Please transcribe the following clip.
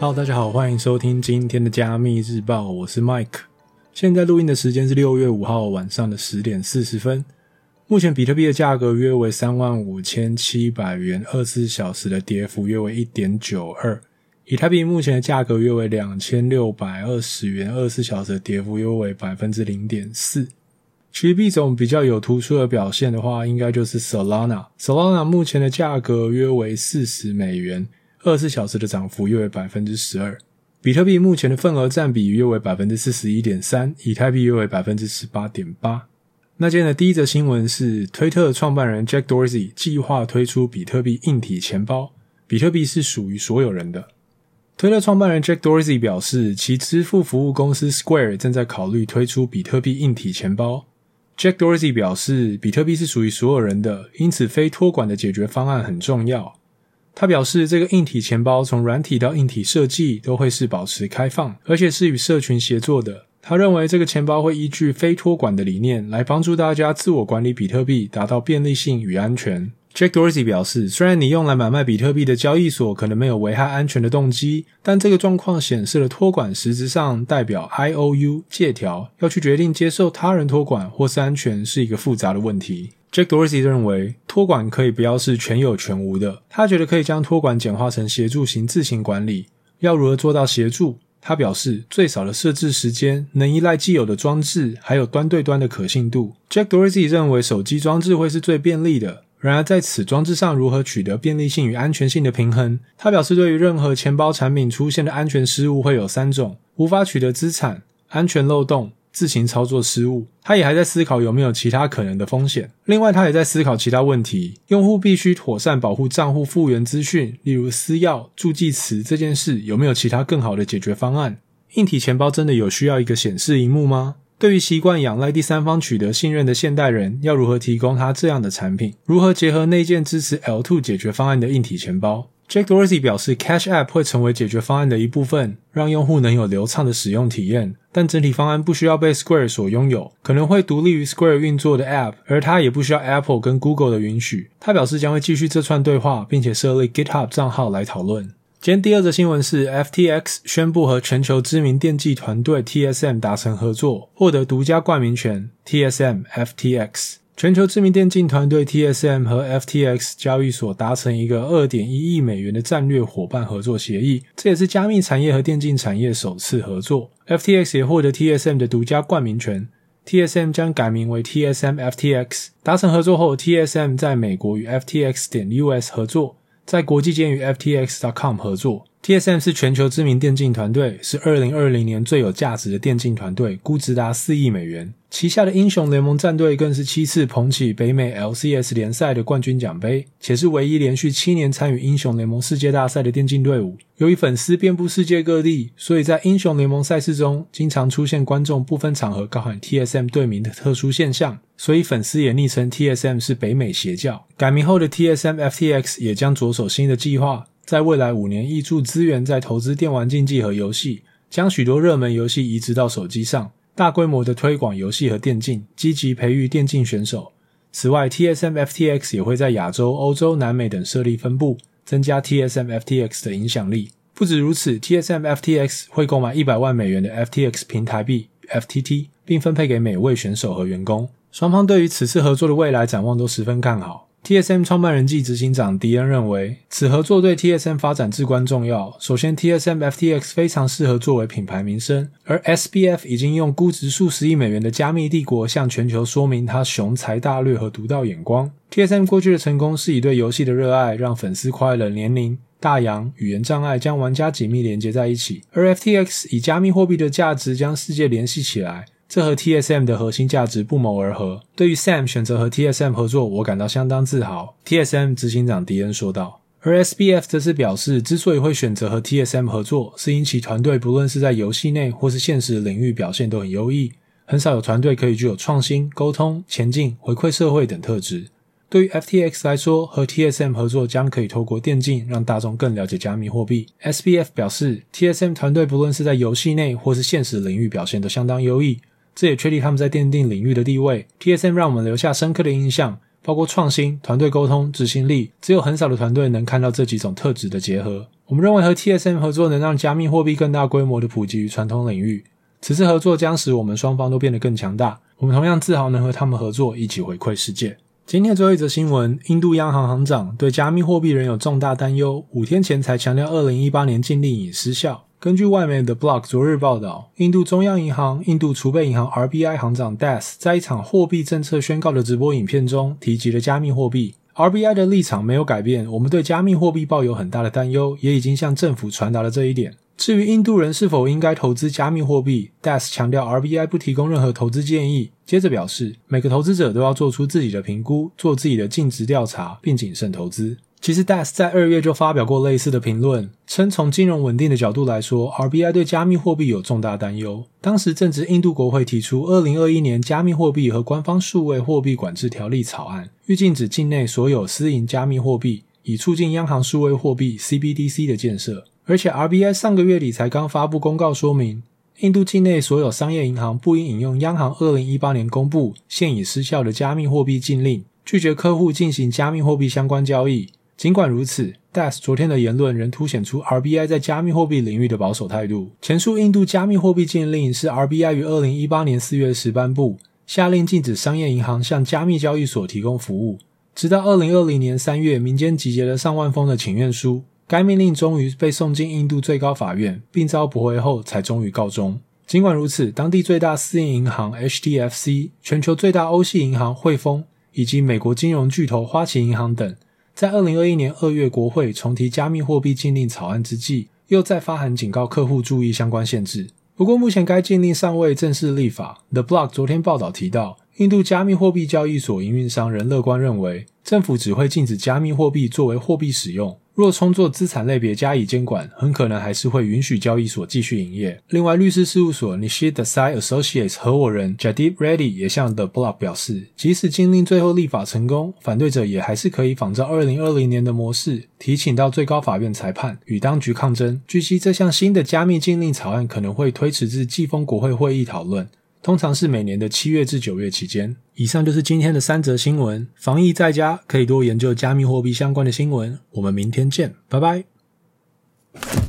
哈嘍大家好，歡迎收聽今天的加密日報，我是 Mike。現在錄音的時間是六月五號晚上的十點四十分。目前比特幣的價格約為三萬五千七百元，二十四小時的跌幅約為一點九二。以太幣目前的價格約為兩千六百二十元，二十四小時的跌幅約為百分之零點四。其實幣種比較有突出的表現的話，應該就是 Solana。Solana 目前的價格約為四十美元。二十四小時的漲幅約為百分之十二。比特幣目前的份額占比約為百分之四十一點三，以太幣約為百分之十八點八。那今天的第一則新聞是，推特創辦人 Jack Dorsey 計劃推出比特幣硬體錢包。比特幣是屬於所有人的。推特創辦人 Jack Dorsey 表示，其支付服務公司 Square 正在考慮推出比特幣硬體錢包。Jack Dorsey 表示，比特幣是屬於所有人的，因此非托管的解決方案很重要。他表示，這個硬體錢包從軟體到硬體設計都會是保持開放，而且是與社群協作的。他認為這個錢包會依據非託管的理念來幫助大家自我管理比特幣，達到便利性與安全。Jack Dorsey 表示，雖然你用來買賣比特幣的交易所可能沒有危害安全的動機，但這個狀況顯示了託管實質上代表 IOU 借條，要去決定接受他人託管或是安全是一個複雜的問題。Jack Dorsey 認為，托管可以不要是全有全無的。他覺得可以將托管簡化成協助型自行管理。要如何做到協助？他表示，最少的設置時間，能依賴既有的裝置，還有端對端的可信度。Jack Dorsey 認為，手機裝置會是最便利的。然而，在此裝置上如何取得便利性與安全性的平衡？他表示，對於任何錢包產品出現的安全失誤，會有三種：無法取得資產、安全漏洞。自行操作失誤，他也還在思考有沒有其他可能的風險。另外，他也在思考其他問題：用戶必須妥善保護賬戶復原資訊，例如私鑰、助記詞這件事，有沒有其他更好的解決方案？硬體錢包真的有需要一個顯示熒幕嗎？對於習慣仰賴第三方取得信任的現代人，要如何提供他這樣的產品？如何結合內建支持 L2 解決方案的硬體錢包？Jack Dorsey 表示，Cash App 會成為解決方案的一部分，讓用戶能有流暢的使用體驗。但整體方案不需要被 Square 所擁有，可能會獨立於 Square 運作的 App，而它也不需要 Apple 跟 Google 的允許。他表示將會繼續這串對話，並且設立 GitHub 賬號來討論。今天第二則新聞是，FTX 宣布和全球知名電競團隊 TSM 達成合作，獲得獨家冠名權。TSM FTX。全球知名電競團隊 TSM 和 FTX 交易所達成一個二點一億美元的戰略夥伴合作協議，這也是加密產業和電競產業首次合作。FTX 也獲得 TSM 的獨家冠名權，TSM 將改名為 TSM FTX。達成合作後，TSM 在美國與 FTX 點 US 合作，在國際間與 FTX 點 com 合作。TSM 是全球知名電競團隊，是二零二零年最有價值的電競團隊，估值達四億美元。旗下的英雄聯盟戰隊更是七次捧起北美 LCS 聯賽的冠軍獎盃，且是唯一連續七年參與英雄聯盟世界大賽的電競隊伍。由於粉絲遍佈世界各地，所以在英雄聯盟賽事中，經常出現觀眾不分場合高喊 TSM 隊名的特殊現象。所以粉絲也昵稱 TSM 是北美邪教。改名後的 TSM FTX 也將着手新的計劃。在未來五年，挹注資源在投資電玩競技和遊戲，將許多熱門遊戲移植到手機上，大規模的推廣遊戲和電競，積極培育電競選手。此外，TSM FTX 也會在亞洲、歐洲、南美等設立分部，增加 TSM FTX 的影響力。不止如此，TSM FTX 會購買一百萬美元的 FTX 平台幣 FTT，並分配給每位選手和員工。雙方對於此次合作的未來展望都十分看好。TSM 創辦人暨執行長迪恩認為，此合作對 TSM 發展至關重要。首先，TSM FTX 非常適合作為品牌名聲，而 SBF 已經用估值數十億美元的加密帝國向全球說明他雄才大略和獨到眼光。TSM 過去的成功是以對遊戲的熱愛讓粉絲跨越了年齡、大洋、語言障礙，將玩家緊密連接在一起，而 FTX 以加密貨幣的價值將世界聯繫起來。這和 TSM 的核心價值不謀而合。對於 Sam 選擇和 TSM 合作，我感到相當自豪。TSM 執行長迪恩說道。而 SBF 則是表示，之所以會選擇和 TSM 合作，是因其團隊不論是在遊戲內或是現實領域表現都很優異。很少有團隊可以具有創新、溝通、前進、回饋社會等特質。對於 FTX 來說，和 TSM 合作將可以透過電競讓大眾更了解加密貨幣。SBF 表示，TSM 團隊不論是在遊戲內或是現實領域表現都相當優異。這也確立他們在電競領域的地位。TSM 讓我們留下深刻的印象，包括創新、團隊溝通、執行力。只有很少的團隊能看到這幾種特質的結合。我們認為和 TSM 合作能讓加密貨幣更大規模的普及於傳統領域。此次合作將使我們雙方都變得更強大。我們同樣自豪能和他們合作，一起回饋世界。今天最後一則新聞：印度央行行長對加密貨幣仍有重大擔憂，五天前才強調2018年禁令已失效。根據外媒 The Block 昨日報道，印度中央銀行印度儲備銀行 RBI 行長 Das 在一場貨幣政策宣告的直播影片中提及了加密貨幣。RBI 的立場沒有改變，我們對加密貨幣抱有很大的擔憂，也已經向政府傳達了這一點。至於印度人是否應該投資加密貨幣，Das 強調 RBI 不提供任何投資建議。接着表示，每個投資者都要做出自己的評估，做自己的盡職調查，並謹慎投資。其實，Das 在二月就發表過類似的評論，稱從金融穩定的角度來說，RBI 對加密貨幣有重大擔憂。當時正值印度國會提出《二零二一年加密貨幣和官方數位貨幣管制條例》草案，欲禁止境內所有私營加密貨幣，以促進央行數位貨幣 CBDC 的建設。而且，RBI 上個月底才剛發布公告，說明印度境內所有商業銀行不應引用央行二零一八年公布、現已失效的加密貨幣禁令，拒絕客戶進行加密貨幣相關交易。儘管如此，Das 昨天的言論仍凸顯出 RBI 在加密貨幣領域的保守態度。前述印度加密貨幣禁令是 RBI 於二零一八年四月十頒布，下令禁止商業銀行向加密交易所提供服務。直到二零二零年三月，民間集結了上萬封的請願書，該命令終於被送進印度最高法院，並遭駁回後才終於告終。儘管如此，當地最大私營銀行 HDFC、全球最大歐系銀行匯豐以及美國金融巨頭花旗銀行等。在二零二一年二月，國會重提加密貨幣禁令草案之際，又再發函警告客戶注意相關限制。不過，目前該禁令尚未正式立法。The Block 昨天報道提到，印度加密貨幣交易所營運商仍樂觀認為，政府只會禁止加密貨幣作為貨幣使用。若充作資產類別加以監管，很可能還是會允許交易所繼續營業。另外，律師事務所 Nishith Desai Associates 合夥人 Jaideep Reddy 也向 The Block 表示，即使禁令最後立法成功，反對者也還是可以仿照2020年的模式，提請到最高法院裁判，與當局抗爭。據悉，這項新的加密禁令草案可能會推遲至季風國會會議討論，通常是每年的七月至九月期間。以上就是今天的三則新聞。防疫在家，可以多研究加密貨幣相關的新聞。我們明天見，拜拜。